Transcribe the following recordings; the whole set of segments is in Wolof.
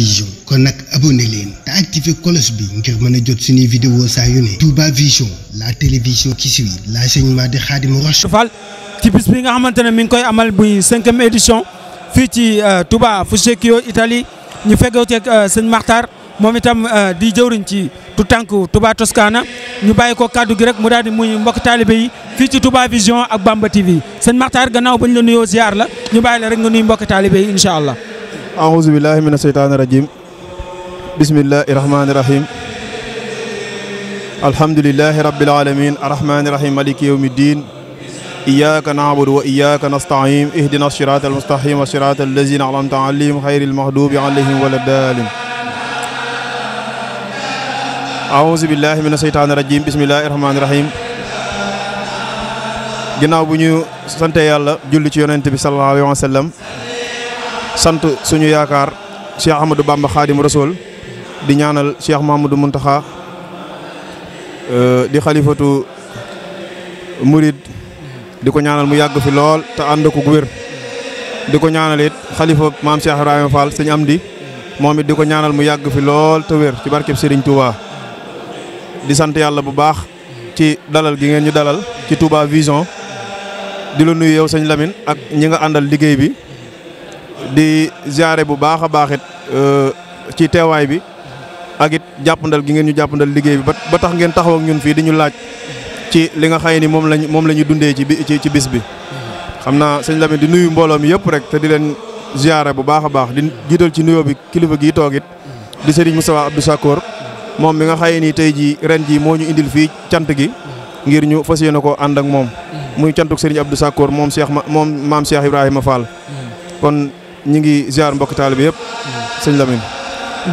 vision kon nag abonné leen te activé cloche bi ngir mën a jot suñuy vidéo saa yu ne Touba Vision la télévision qui suit l'enseignement de Khadimou Rassoul Fall ci bis bi nga fii ci euh, Touba Fucecchio Italie ñu feggoteeg euh, sëñ Maxtaar moom itam euh, di jëwriñ ci tu tànk Touba Toscana ñu bàyyi ko kaddu gi rek mu daal di muy mbokk taalibe yi fii ci Touba Vision ak Bamba TV sëñ Maxtaar gannaaw bañ la nuyoo ziar la ñu bàyyi la rek nga nuy mbokk taalibe yi incha allah aouzu billahi mina seytaani rajim bismillahi rahmaani rahim alhamdulilahi rabbil alamin arrahmaani rahim maliki yawmi din iyyaka na'budu wa iyyaka nasta'in ihdina siratal mustaqim wa siratal ladzina an'amta alayhim ghayril maghdubi alayhim waladdallin aouzu billahi mina seytaani rajim bismillahi rahmaani rahim ginnaaw bu ñu sante yàlla julli ci yonent bi sallallahu alayhi wa sallam sant suñu yaakaar Cheikh Ahmadou Bamba Khadim Rasoul di ñaanal Cheikh Mahamadou euh, di xalifatu murid di ko ñaanal mu yàgg fi lool te ànd ko wér di ko ñaanal xalifa maam Cheikh Ibrahima Fall moom it di ko ñaanal mu yàgg fi lool te wér ci barkeb Serigne Touba di sant yàlla bu baax ci dalal gi ngeen ñu dalal ci Touba Vision di la nuyu yow sëñ lamin ak ñi nga àndal liggéey bi di ziare bu baax a baax it euh, ci teewaay bi ak it jàppandal gi ngeen ñu jàppandal liggéey bi ba tax ngeen taxaw ak ñun fii di ñu laaj ci li nga xëy ni moom lañu moom la ñu dundee ci bi ci bis bi. xam naa sëñ Lamine di nuyu mbooloo mi yëpp rek te di leen ziare bu baax a baax di jiital ci nuyoo bi kilifa gii toog it di sëriñ Moustapha Abdou Sakor moom mi nga xëy ni tey jii ren jii moo ñu indil fii cant gi. ngir ñu fas yéene ko ànd ak moom. muy cantuk sëriñ Abdou moom Cheikh ma moom maam Cheikh Ibrahima Fall ñu ngi ziar mbokk taalibe yëpp sëñ Lamine.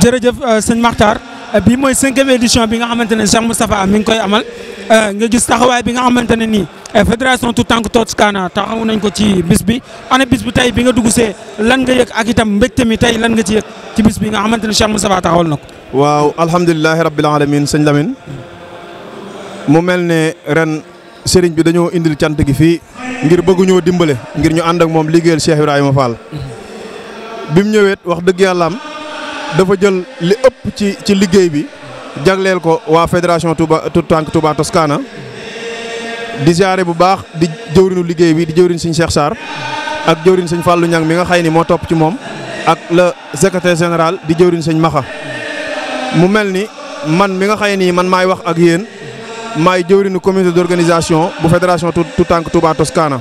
jërëjëf euh, sëñ Makhtar euh, bii mooy cinquième édition bi nga xamante ne Cheikh Moustapha mi ngi koy amal euh, nga gis taxawaay bi nga xamante ne nii fédération Tout Tank Toscana taxaw nañ ko ci bis bi ana bis bi tey bi nga dugg see lan nga yëg ak itam mbégte mi tey lan nga ci yëg ci bis bi nga xamante ne Cheikh Moustapha taxawal na ko. waaw alhamdulilahi rabbil alamin señ Lamine mu mel ne ren sëriñ bi dañoo indil cant gi fii ngir bëgguñoo dimbale ngir ñu ànd ak moom liggéeyal Cheikh Ibrahima bi mu ñëwee wax dëgg yàlla am dafa jël li ëpp ci ci liggéey bi jagleel ko waa fédération Touba tout tànk Touba Toscana di siyaare bu baax di jëwrinu liggéey bi di jëwriñ suñu Cheikh Sarr ak jëwriñ suñu Fallou Niang mi nga xay ni moo topp ci moom ak la secrétaire général di jëwriñ suñu Maxa mu mel ni man mi nga xay nii man maay wax ak yéen maay jëwriñu comité d'organisation bu fédération tout tànk Touba Toscana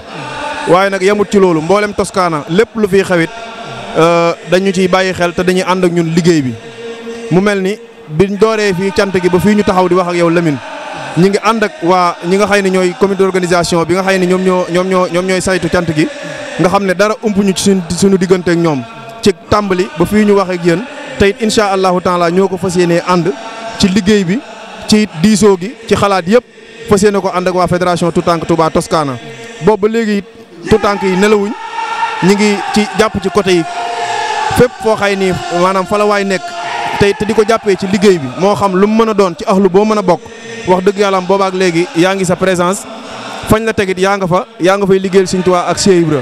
waaye nag yemut ci loolu mboolem Toscana lépp lu Euh, dañu ciy bàyyi xel te dañuy ànd ak ñun liggéey bi mu mel ni biñ dooree fii cant gi ba fii ñu taxaw di wax ak yow Lamine ñi ngi ànd ak waa ñi nga xay ne ñooy comité d'organisation bi nga xay ne ñoom ñoo ñoom ñoo ñoom ñooy saytu cant gi nga xam ne dara ump ñu ci suñu diggante ak ñoom ci tàmbali ba fii ñu wax ak yéen te it incha allahu taala ñoo ko fas yéenee ànd ci liggéey bi ci diisoo gi ci xalaat yëpp fas yéene ko ànd ak waa fédération Toutank Touba Toscana boobu ba léegi Toutank yi nelawuñ ñi ngi ci jàpp ci côté yi fépp foo xay nii maanaam fa la waaye nekk tey te di ko jàppee ci liggéey bi moo xam lu mu mën a doon ci ahlu boo mën a bokk wax dëgg yàlla am boobaak léegi yaa ngi sa présence fañ la tegit yaa nga fa yaa nga fay liggéeyal Sëriñ Tuubaa ak Cheikh Ibra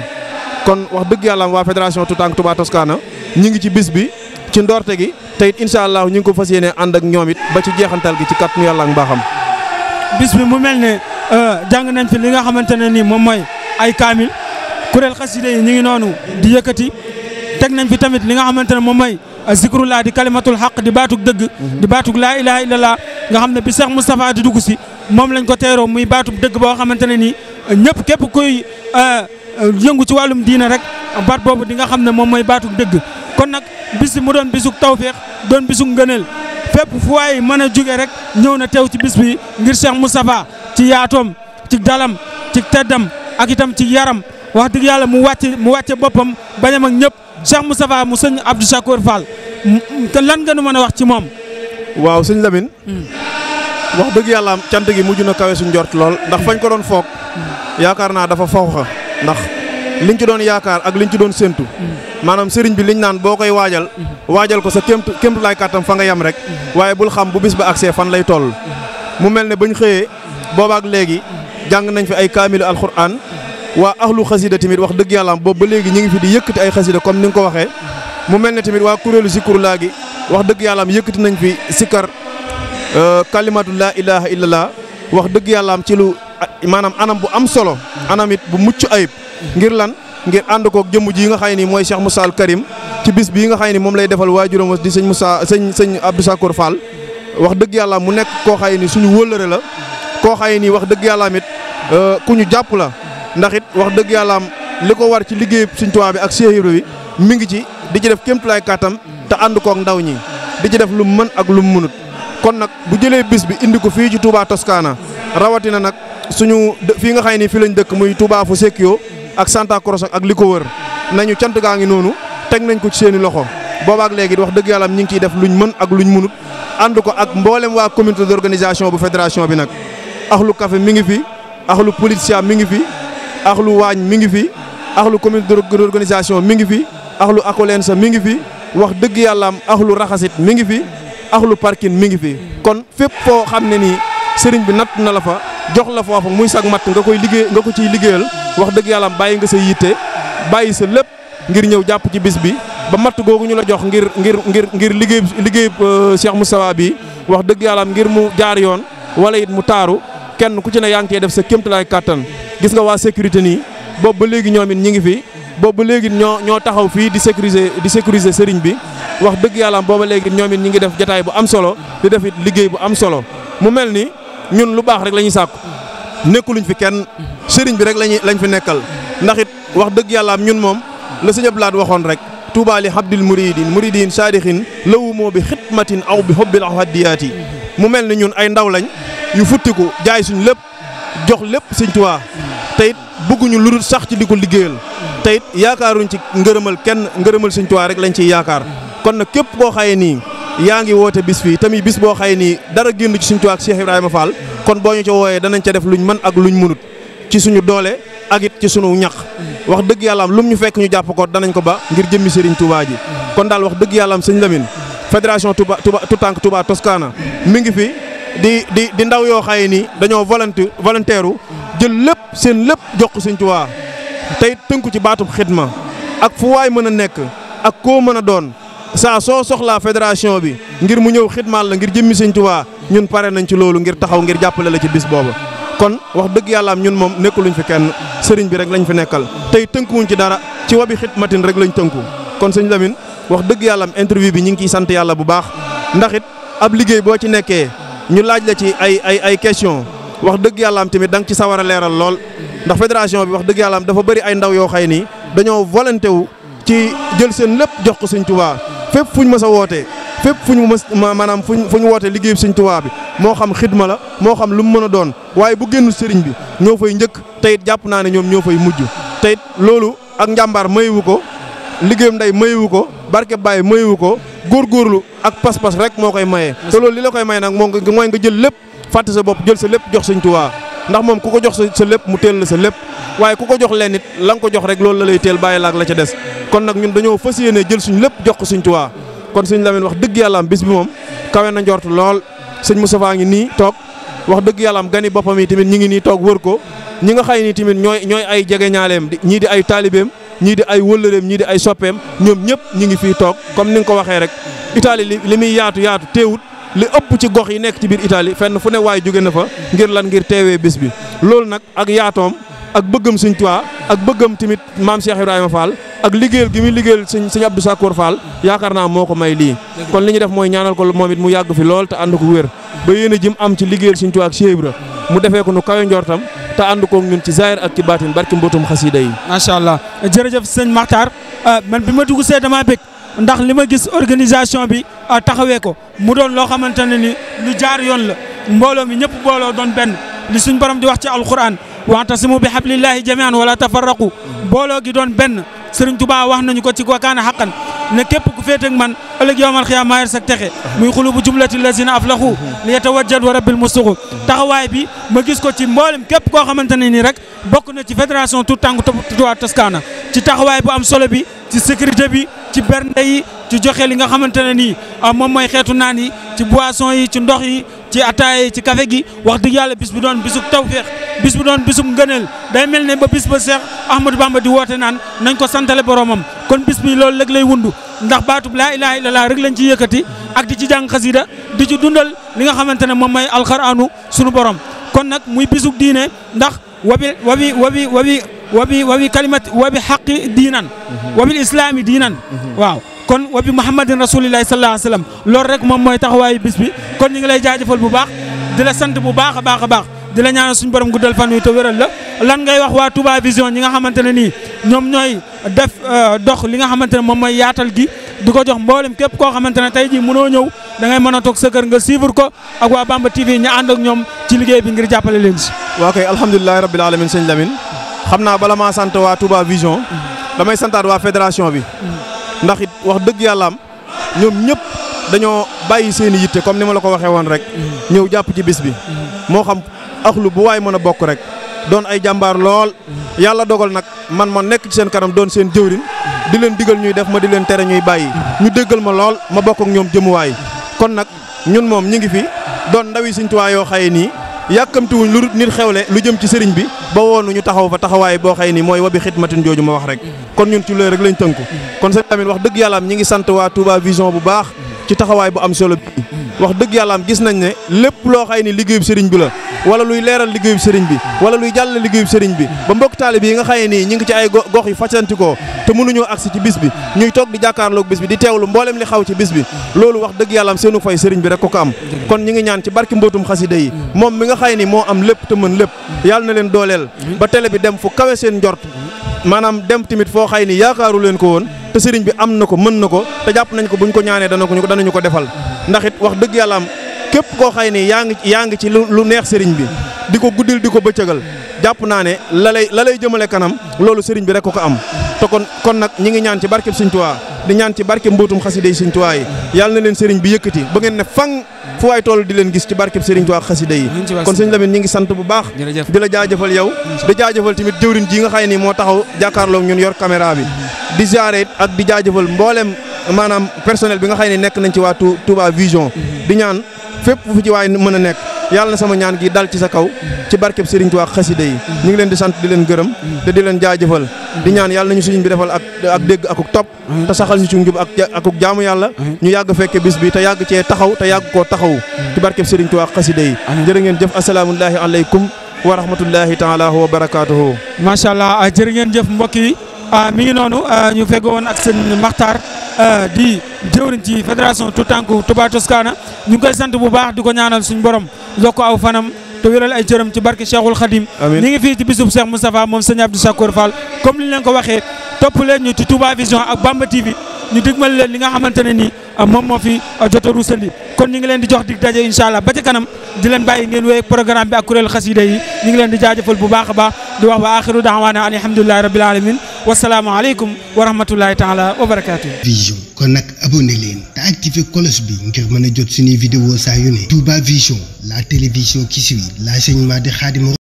kon wax dëgg yàlla am waa fédération Toutank Touba Toscana ñu ngi ci bis bi ci ndoorte gi te it allah ñu ngi ko fas yéene ànd ak ñoom it ba ci jeexantal gi ci kat yàlla ak mbaaxam. bis bi mu mel ne euh, nañ fi li nga xamante ne nii moom mooy ay kaamil kuréel xasida yi ñu ngi noonu di yëkkati teg nañ fi tamit li nga xamante ne moom mooy zikrullah di kalimatul xaq di baatug dëgg di baatug laa ilaha illallah nga xam ne bi Cheikh Moustapha di dugg si moom lañ ko teeroo muy baatub dëgg boo xamante ne nii ñëpp képp kuy euh, yëngu ci wàllum diina rek baat boobu di nga xam ne moom mooy baatug dëgg kon nag bis mu doon bisug tawféex doon bisug ngëneel fépp fu waay mën a jóge rek ñëw na tew ci bis bi ngir Cheikh Moustapha ci yaatoom ci dalam ci teddam ak itam ci yaram wax dëgg yàlla mu wàcce mu wàcce boppam bañam ak ñëpp Cheikh Moustapha mu sëñ Abdou Chakour Fall te lan nga nu mën a wax ci moom. waaw sëñ Lamine. Hmm. wax dëgg yàlla cant gi mujj na kawe suñ njort lool ndax fañ ko doon foog. Hmm. yaakaar naa dafa fawxa ndax liñ ci doon yaakaar ak liñ ci doon séentu. Hmm. maanaam sëriñ bi liñ naan boo koy waajal. waajal ko sa kéemtu kéemtu laay kàttam fa nga yem rek. waaye bul xam bu bis ba àggsee fan lay toll. mu mel ne bañ xëyee boobaak léegi jàng nañ fi ay kaamilu alxuraan waa ahlu xasida tamit wax dëgg yàlla boobu ba léegi ñu ngi fi di yëkkati ay xasida comme ni nga ko waxee mu mel ne tamit waa si sikkur laa gi wax dëgg yàlla yëkkati nañ fi sikkar euh, kalimatu laa ilaha illallah wax dëgg yàlla ci lu maanaam anam bu am solo anam bu mucc ayib ngir lan ngir ànd koog jëmm ji yi nga xay ni mooy Cheikh Moussa al Karim ci bis bii nga xay ni moom lay defal waa waajuram di sëñ Moussa sëñ sëñ Abdou Sakour Fall wax dëgg yàlla mu nekk koo ni suñu wóllëre la koo xay ni wax dëgg yàlla amit euh, ku ñu jàpp la ndax it wax dëgg yàlla am li ko war ci liggéey Sëñ Tuubaa bi ak Cheikh Ibra bi mi ngi ci di ci def kéemtulaay kàttam te ànd koog ndaw ñi di ci def lu mën ak lu munut kon nag bu jëlee bis bi indi ko fii ci Touba Toscana rawatina nag suñu fii nga xay ni fii lañ dëkk muy Touba fu Secchio ak Santa Croce ak li ko wër nañu cant gaa ngi noonu teg nañ ko ci seen i loxo boobaak léegi wax dëgg yàlla ñu ngi ciy def luñ mën ak luñ munut ànd ko ak mboolem waa comité d'organisation bu fédération bi nag axlu café mi ngi fi axlu policia mi ngi fi axlu waañ mi ngi fi axlu comité d'organisation mi ngi fi axlu akolensa mi ngi fi wax dëgg yàllaam axlu raxasit mi ngi fi axlu parking mi ngi fi kon fépp foo xam ne ni sëriñ bi natt na la fa jox la foofa muy sag matt nga koy liggéey nga ko ciy liggéeyal wax dëgg yàllaam bàyyi nga sa yitte bàyyi sa lépp ngir ñëw jàpp ci bis bi ba matt googu ñu la jox ngir ngir ngir ngir liggéey liggéey euh, Cheikh Moustapha bi wax dëgg yàllaam ngir mu jaar yoon wala it mu taaru kenn ku ci ne yaa def sa kéemtalaay kàttan gis nga waa sécurité nii boobu ba léegi ñoom it ñi ngi fi boobu ba léegi ñoo ñoo taxaw fii di sécuriser di sécuriser sëriñ bi wax dëgg yàlla booba léegi ñoom it ñi ngi def jataay bu am solo di def it liggéey bu am solo mu mel ni ñun lu baax rek la ñuy sàkku nekkuluñ fi kenn sëriñ bi rek lañuy lañ fi nekkal ndax it wax dëgg yàlla ñun moom la sëñ Abdou Lahad waxoon rek Touba li habdil muridin muridin saadixin lawu moo bi xitmatin aw bi hobbil ahadiyaati mu mel ni ñun ay ndaw lañ yu futtiku jaay suñ lépp jox lépp sëñ Tuubaa tey bëgguñu lu dul sax ci di ko liggéeyal tey it yaakaaruñ ci ngërëmal kenn ngërëmal sëñ Tuubaa rek lañ ciy yaakaar kon nag képp koo xaye nii yaa ngi woote bis fii tamit bis boo xaye nii dara génn ci sëñ ak Cheikh Ibrahima Fall kon boo ñu ca wooyee danañ ca def luñ mën ak luñ mënut ci suñu doole ak it ci suñu ñax wax dëgg yàlla am lum ñu fekk ñu jàpp ko danañ ko ba ngir jëmmi Serigne Touba ji kon daal wax dëgg yàlla am sëñ Lamine di di di ndaw yoo xaye nii dañoo volonté volontaire jël lépp seen lépp jox ko Sëñ Tuubaa tey tënku ci baatub xidma ak fu waay mën a nekk ak koo mën a doon saa soo soxlaa fédération bi ngir mu ñëw xidmaal la ngir jëmmi Sëñ waa ñun pare nañ ci loolu ngir taxaw ngir jàppale la ci bis booba kon wax dëgg yàllaam ñun moom nekkuluñ fi kenn sëriñ bi rek lañ fi nekkal tey tënkuwuñ ci dara ci wabi xidmatin rek lañ tënku kon sëñ Lamine wax dëgg yàllaam interview bi ñu ngi ciy sant yàlla bu baax ndax ab liggéey boo ci nekkee ñu laaj la ci ay ay ay question wax dëgg yàllaam tamit da nga ci sawar a leeral lool ndax fédération bi wax dëgg yàllaam dafa bari ay ndaw yoo xay nii dañoo volonté wu ci jël seen lépp jox ko Sëñ Tuubaa fépp fu ñu mës a wootee fépp fu ñu mës maanaam fu ñu fu wootee liggéeyub Sëñ Tuubaa bi moo xam xidma la moo xam lu mu mën a doon waaye bu génnu sëriñ bi ñoo fay njëkk teyit jàpp naa ne ñoom ñoo fay mujj te loolu ak njàmbaar mayiwu ko liggéeyam nday mayiwu ko barke baay mayiwu ko góor góorlu ak pas-pas rek moo koy maye. te loolu li la koy maye nag moo mooy nga jël lépp fàtte sa bopp jël sa lépp jox Sëñ Tuubaa ndax moom ku ko jox sa lépp mu teel la sa lépp waaye ku ko jox leen it la nga ko jox rek loolu la lay teel bàyyi laak la ca des kon nag ñun dañoo fas yéene jël suñ lépp jox ko Sëñ Tuubaa kon Sëñ Lamine wax dëgg yàlla am bis bi moom kawe na njort lool sëñ Moustapha ngi nii toog wax dëgg yàlla am gani boppam yi tamit ñi ngi nii toog wër ko ñi nga xay ni tamit ñooy ñooy ay jege ñaaleem ñii di ay ñii di ay wëllëreem ñii di ay soppeem ñoom ñëpp ñu ngi fii toog comme ni nga ko waxee rek Italie li li muy yaatu yaatu teewut li ëpp ci gox yi nekk ci biir Italie fenn fu ne waaye jóge na fa ngir lan ngir teewee bis bi loolu nag ak yaatoom ak bëggam Sëñ Tuubaa ak bëggam tamit maam Cheikh Ibrahima Fall ak liggéeyal gi muy liggéeyal sëñ sëñ Abdou Sakoor yaakaar naa moo ko may lii kon li ñu def mooy ñaanal ko moom it mu yàgg fi lool te ànd ko wér ba yéen am ci liggéeyal Sëñ Tuubaa ak Cheikh mu defee ko nu kawe njortam te ànd koog ñun ci zaahir ak ci baatin barki mbootum xasida yi. macha allah jërëjëf sëñ Makhtar euh, man bi ma dugg see damaa bëgg ndax li ma gis organisation bi euh, taxawee ko mu doon loo xamante ne ni lu jaar yoon la mbooloo mi ñëpp booloo doon benn li suñ borom di wax ci alquran wa'tasimu bi hablillahi jami'an wala tafarraqu booloo gi doon benn Sëriñ Tuubaa wax nañu ko ci wa kaana haqqan ne képp ku féete ak man ëllëg yowmal xiyaam maa yor sa texe muy xulubu jumlati lazina aflaxu li yatawajjad wa rabbil mustuqu taxawaay bi ma gis ko ci mboolem képp koo xamante ne nii rek bokk na ci fédération tout tànk Touba Toscana ci taxawaay bu am solo bi ci sécurité bi ci bernde yi ci joxe li nga xamante ne nii ah, moom mooy xeetu naan yi ci boisson yi ci ndox yi ci ataaya ci café gi wax dëgg yàlla bis bu doon bisub tawféex bis bu doon bisub ngëneel day mel ne ba bis ba Seex Ahmadou Bamba di woote naan nañ ko santale boromam kon bis bi loolu léeg lay wundu ndax baatub laa ilaha illallah rek lañ ci yëkkati ak di ci jàng xasida di ci dundal li nga xamante ne moom mooy alxuraanu sunu borom kon nag muy bisub diine ndax wabi wabi wabi wabi wabi wabi kalimat wabi xaqi diinan mhm. wabil islaami diinan mhm. waaw kon wa bi muhammadin rasulillahi sallallahu alayhi wa sallam loolu rek moom mooy taxawaayu bis bi kon ñu ngi lay jaajëfal bu baax di sant bu baax a baax a baax di la suñu borom guddal fan wi te wéral la lan ngay wax waa Touba Vision ñi nga xamante ne nii ñoom ñooy def euh, dox li nga xamante ne moom mooy yaatal gi di ko jox mboolem képp koo xamante ne tey jii mënoo ñëw da ngay mën a toog sa kër nga suivre ko ak waa Bamba TV ñu ànd ak ñoom ci liggéey bi ngir jàppale leen si. waaw kay alhamdulilah rabil aalamiin sëñ Lamine xam naa bala sant waa Touba Vision. damay santaat waa fédération bi. ndax it wax dëgg yàllaam ñoom ñëpp dañoo bàyyi seen i yitte comme ni ma la ko waxee woon rek. ñëw jàpp ci bis bi. moo xam axlu bu waay mën a bokk rek. doon ay jàmbaar lool yàlla dogal nag man ma nekk ci seen kanam doon seen jëwrin di leen digal ñuy def ma di leen tere ñuy bàyyi ñu déggal ma lool ma bokk ñoom jëmuwaay kon nag ñun moom ñi ngi fi doon ndawi Sëriñ Tuubaa yoo xaye nii yàkkamtiwuñ lu nit xewle lu jëm ci sëriñ bi ba woonu ñu taxaw fa taxawaay boo xaye nii mooy wabi xidmatin jooju ma wax rek kon ñun ci loolu rek lañ tënku kon sëñ Lamine wax dëgg yàlla am ñi ngi sant waa Touba Vision bu baax ci taxawaay bu am solo bi wax dëgg yàlla am gis nañ ne lépp loo xay ni liggéeyub sëriñ bi la wala luy leeral liggéeyub sëriñ bi wala luy jàll liggéeyub sëriñ bi ba mbokk taalib yi nga xaye nii ñi ngi ci ay gox yu facantikoo te mënuñoo agsi ci bis bi ñuy toog di jàkkaarloog bis bi di teewlu mbooleem li xaw ci bis bi loolu wax dëgg yàlla am seenu fay sëriñ bi rek ko ko am kon ñi ngi ñaan ci barki mbootum xasida yi moom mi nga xaye ni moo am lépp te mën lépp yàlla na leen dooleel ba télé bi dem fu kawe seen njort maanaam dem tamit foo xay ni yaakaaru leen ko woon te sëriñ bi am na ko mën na ko te jàpp nañ ko buñ ko ñaanee dana ko danañu ko defal ndax it wax dëgg yàlla am képp koo xay ni yaa ngi yaa ngi ci lu neex sëriñ bi di ko guddil di ko bëccëgal jàpp naa ne la lay la lay jëmale kanam loolu sëriñ bi rek ko ko am te kon kon nag ñi ngi ñaan ci barkeb Sëriñ Tuubaa di ñaan ci barkeb mbootum xasida yi Sëriñ Tuubaa yi yàlla na leen sëriñ bi yëkkati ba ngeen ne fang fu waay toll di leen gis ci barkeb Serigne Touba xasida yi kon sëñ Lamine ñi ngi sant bu baax di la jaajëfal yow di jaajëfal tamit jëwriñ ji nga xam ne nii moo taxaw jàkkaarloo ñun yor caméra bi di ziare ak di jaajëfal mboolem maanaam personnel bi nga xam ne nekk nañ ci waatu Touba Vision mm-hmm. di ñaan fépp fu ci waay mën a nekk yàlla na sama ñaan gi dal ci sa kaw ci barkeb Serigne Touba xasida yi ñu ngi leen di sant di leen gërëm te di leen jaajëfal di ñaan yàlla nañu Serigne bi defal ak ak dégg topp te saxal ñu ci njub ak akuk jaamu yàlla ñu yàgg fekke bis bi te yàgg cee taxaw te yàgg koo taxaw ci barkeb Serigne Touba xasida yi jërë ngeen jëf asalaamullahi aleykum wa rahmatullahi taala wa barakaatuhu macha allah jërë ngeen jëf mbokk yi Ah, mi ngi noonu ah, ñu feggoo woon ak sëñ Maxtaar ah, di jëwriñ ci fédération Tutanku Touba Toscana ñu ngi koy sant bu baax di ko ñaanal suñu borom yokk aw fanam te wéral ay cëram ci barke Cheikhul Khadim ñi ngi fii ci bisub Cheikh Moustapha moom sëñ Abdou Sakour Fall comme li leen ko waxee topp leen ñu ci Touba Vision ak Bamba TV ñu digmal leen li nga xamante ne nii moom moo fi jot a ruusali kon ñu ngi leen di jox dig daje incha allah ba ca kanam di leen bàyyi ngeen wéy programme bi ak kuréel xasida ngi leen di jaajëfal bu baax baax di wax ba axiru daawaana an alhamdulilahi rabbil wasalaamaaleykum wa rahmatullahi taala wa kon nag abonné leen te activé cloche bi ngir mën a jot suñuy vidéo saa yu ne. Touba vision la télévision qui suit l'enseignement de Khadimou